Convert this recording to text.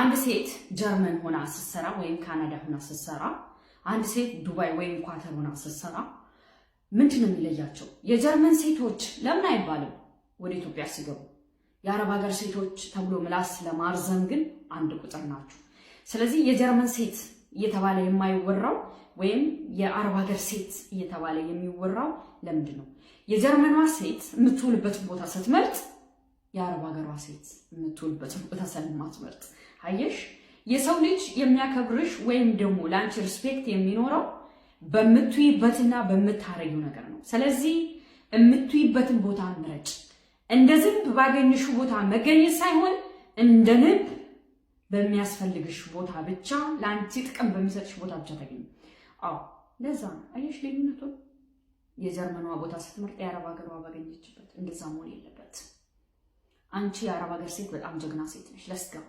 አንድ ሴት ጀርመን ሆና ስትሰራ ወይም ካናዳ ሆና ስትሰራ፣ አንድ ሴት ዱባይ ወይም ኳተር ሆና ስትሰራ ምንድን ነው የሚለያቸው? የጀርመን ሴቶች ለምን አይባልም ወደ ኢትዮጵያ ሲገቡ የአረብ ሀገር ሴቶች ተብሎ ምላስ ለማርዘም ግን አንድ ቁጥር ናቸው። ስለዚህ የጀርመን ሴት እየተባለ የማይወራው ወይም የአረብ ሀገር ሴት እየተባለ የሚወራው ለምንድን ነው? የጀርመኗ ሴት የምትውልበትን ቦታ ስትመርጥ የአረብ ሀገሯ ሴት የምትውልበት በተሰልማት ስለማትመርጥ አየሽ። የሰው ልጅ የሚያከብርሽ ወይም ደግሞ ለአንቺ ሪስፔክት የሚኖረው በምትይበትና በምታረዩ ነገር ነው። ስለዚህ የምትይበትን ቦታ ምረጭ። እንደ ዝንብ ባገኘሽ ቦታ መገኘት ሳይሆን እንደ ንብ በሚያስፈልግሽ ቦታ ብቻ፣ ለአንቺ ጥቅም በሚሰጥሽ ቦታ ብቻ ተገኝ። አዎ ለዛ ነው አየሽ ልዩነቱን። የጀርመኗ ቦታ ስትመርጥ የአረብ ሀገሯ ባገኘችበት። እንደዛ መሆን የለም። አንቺ የአረብ ሀገር ሴት በጣም ጀግና ሴት ነሽ። ለስገው